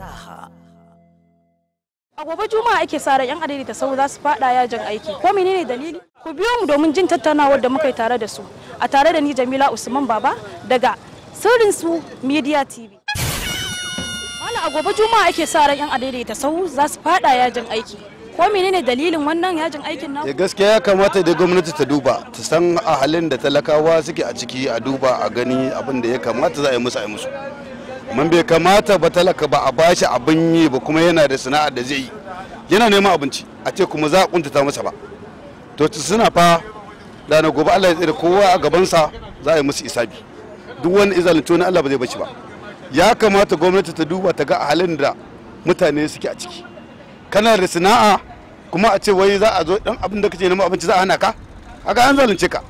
fasaha. A gobe Juma'a ake sa ran 'yan ta sau za su faɗa yajin aiki. Ko menene dalili? Ku biyo mu domin jin tattaunawar da muka yi tare da su. A tare da ni Jamila Usman Baba daga Sirrin Su Media TV. Wala a gobe Juma'a ake sa ran 'yan ta sau za su faɗa yajin aiki. Ko menene dalilin wannan yajin aikin nan. Eh, gaskiya ya kamata da gwamnati ta duba, ta san a halin da talakawa suke a ciki a duba a gani abin da ya kamata za a yi musu a yi musu. man bai kamata ba talaka ba a bashi abin yi ba kuma yana da sana'a da zai yi yana neman abinci a ce kuma za a kuntata masa ba to suna fa ranar gobe Allah ya tsira kowa a gabansa za a yi musu isabi duk wani izalinci wani Allah ba zai bace ba ya kamata gwamnati ta duba ta ga halin da mutane suke a ciki kana da sana'a kuma a ce wai za a zo dan abin da kace neman abinci za a hana ka haka an zalunce ka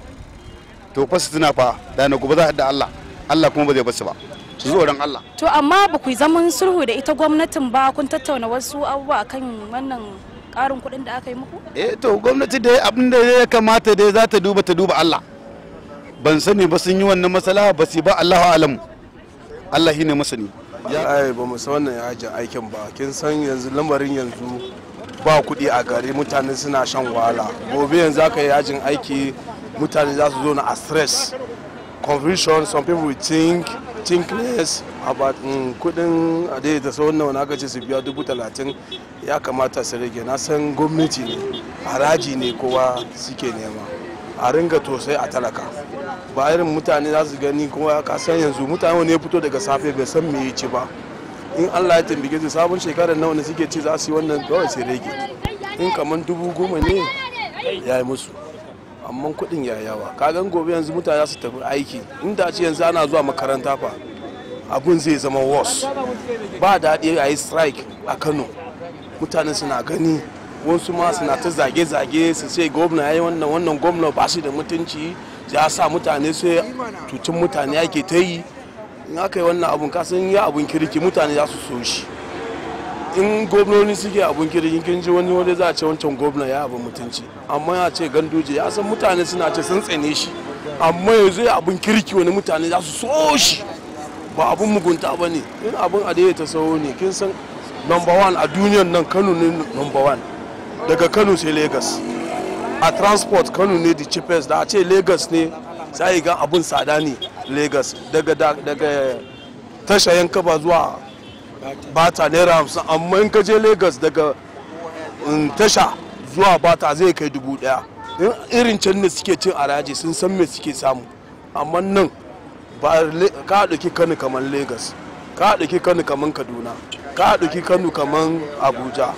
to fa suna fa ranar gobe za a da Allah Allah kuma ba zai bace ba su tsoron Allah to amma ba ku zaman sulhu da ita gwamnatin ba kun tattauna wasu abubuwa kan wannan karin kuɗin da aka yi muku eh to gwamnati dai abin da ya kamata dai za ta duba ta duba Allah ban sani ba sun yi wannan masala ba su ba Allahu alam Allah shine masani ya ai ba mu san wannan yajin aikin ba kin san yanzu lamarin yanzu ba kuɗi a gari mutane suna shan wahala gobe yanzu aka yi yajin aiki mutane za su zo na a stress confusion some people will think a batin mm, kudin dai da sauran nawa aka ce su biya dubu talatin ya kamata su rage na san gwamnati ne haraji ne kowa suke nema a ringa tosai a talaka ba irin mutane za su gani kuma ka san yanzu mutane wani ya fito daga safe bai san me ci ba in allah ya tambige su sabon shekarar nawa ne suke ci za su yi wannan kawai sai rage in kamar dubu goma ne ya yi musu amma kuɗin ya yawa kagan gobe yanzu mutane su tafi aiki inda ce yanzu ana zuwa makaranta fa abun zai zama worse ba daɗi a yi strike a kano mutane suna gani wasu ma suna ta zage-zage su ce gwamna ya yi wannan wannan gwamna ba shi da mutunci ya sa mutane sai tutun mutane ake ta yi in aka yi wannan abun kasan ya abun kirki mutane za su so shi in gwamnoni suke abun kirgin kin ji wani wanda za a ce wancan gwamna ya abin mutunci amma yace ce ganduje ya san mutane suna ce sun tsane shi amma yanzu ya abin kirki wani mutane za su so shi ba abun mugunta ba ne in abin adaya ta sauro ne kin san number one a duniyan nan kano ne number one daga kano sai lagos a transport kano ne the cheapest da a ce lagos ne sai ga abun tsada ne lagos daga daga tashayen kaba zuwa bata naira hamsin amma in ka je lagos daga mm, tasha zuwa bata zai kai dubu daya in irin can ne suke cin araji sun san me suke samu amma nan ka ɗauki kano kamar lagos ka ɗauki kano kamar kaduna ka ɗauki kano kamar abuja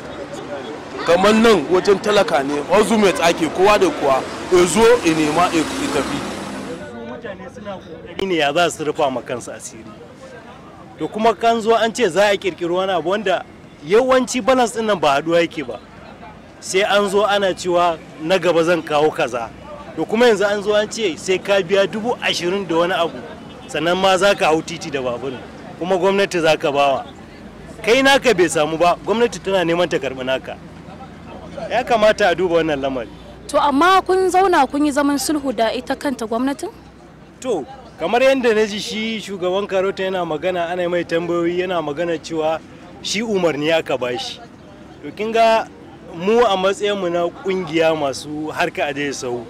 kamar nan wajen talaka ne wazu mai tsake kowa da kowa ya zo ya nema ya tafi ne ya za su rufa ma kansu asiri to kuma kan zo an ce za a kirkiri wani abu wanda yawanci balance din nan ba haɗuwa yake ba sai an zo ana cewa na gaba zan kawo kaza to kuma yanzu an zo an ce sai ka biya dubu ashirin da wani abu sannan ma za ka hau titi da babur kuma gwamnati za ka bawa kai naka bai samu ba gwamnati tana neman ta karɓi naka ya kamata a duba wannan lamari to amma kun zauna kun yi zaman sulhu da ita kanta gwamnatin to kamar yadda na ji shi shugaban karota yana magana ana mai tambayoyi yana magana cewa shi umarni aka bashi to kin ga mu a matsayin mu na kungiya masu harka a sau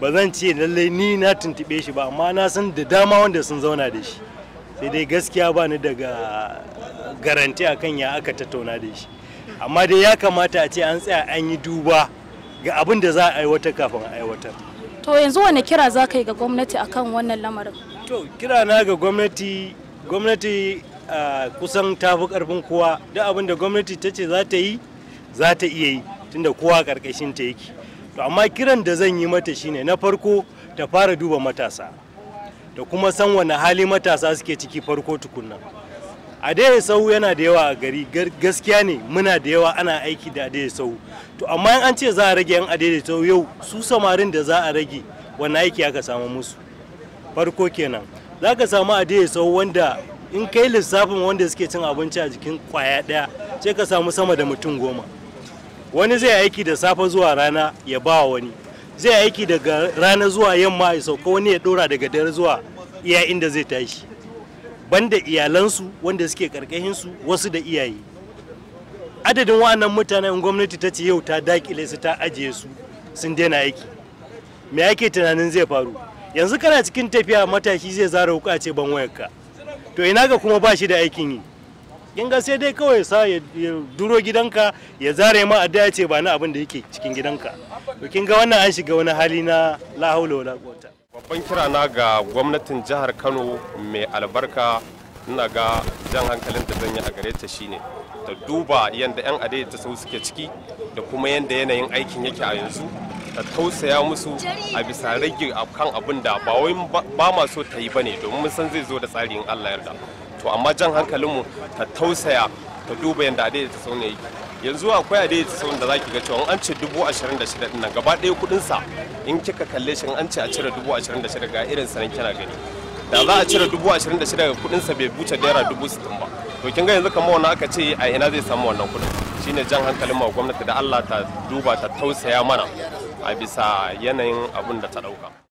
ba zan ce lallai ni na tuntube shi ba amma na san da dama wanda sun zauna da shi sai dai gaskiya ba ni daga garanti akan ya aka tattauna da shi amma dai ya kamata a ce an tsaya an yi duba ga abin da za a aiwatar kafin a aiwatar to yanzu wane kira za ka yi ga gwamnati a kan wannan lamarin to kira na ga gwamnati gwamnati kusan tafi karfin kowa duk abin da gwamnati ta ce za ta yi za ta iya yi tunda kowa karkashin ta yake to amma kiran da zan yi mata shine na farko ta fara duba matasa da kuma san wani hali matasa suke ciki farko tukunna a daya sau yana da yawa a gari gaskiya ne muna da yawa ana aiki da adaidaita sau to amma in an ce za a rage yan adaidaita sau yau su samarin da za a rage wani aiki aka samu musu farko kenan za ka samu adaidaita sau wanda in kai lissafin wanda suke cin abinci a jikin kwaya daya sai ka samu sama da mutum goma wani zai aiki da safe zuwa rana ya ba wani zai aiki daga rana zuwa yamma ya sauka wani ya dora daga dare zuwa iya inda zai tashi banda iyalansu wanda suke karkashinsu wasu da iyaye adadin wa'annan mutanen gwamnati ta ce yau ta dakile su ta ajiye su sun daina aiki me ake tunanin zai faru yanzu kana cikin tafiya matashi zai zara wuka ce ban wayarka to ina ga kuma ba shi da aikin yi in ga sai dai kawai sa ya duro gidanka ya zare ma a ya ce ba na abin da yake cikin gidanka to kin ga wannan an shiga wani hali na la haula wala Babban kirana ga gwamnatin jihar Kano mai albarka ina ga jan hankalin da zan yi a gare ta shine ta duba yadda 'yan adai ta sau suke ciki da kuma yadda yanayin aikin yake a yanzu ta tausaya musu a bisa rage kan abin da ba wai ba ma so ta yi ba ne domin mun san zai zo da tsari in Allah yarda to amma jan hankalinmu ta tausaya ta duba yadda adai ta sau ne yanzu akwai a dai da za ki ga cewa an ce dubu ashirin da shida dinnan gaba ɗaya kuɗinsa in kika kalle shi an ce a cire dubu ashirin da shida ga irin sanan kina gani da za a cire dubu ashirin da shida ga kuɗinsa bai buce daira dubu sittin ba to kin ga yanzu kamar wani aka ce a ina zai samu wannan kuɗin shine jan hankalin ma gwamnati da Allah ta duba ta tausaya mana a bisa yanayin abin da ta ɗauka.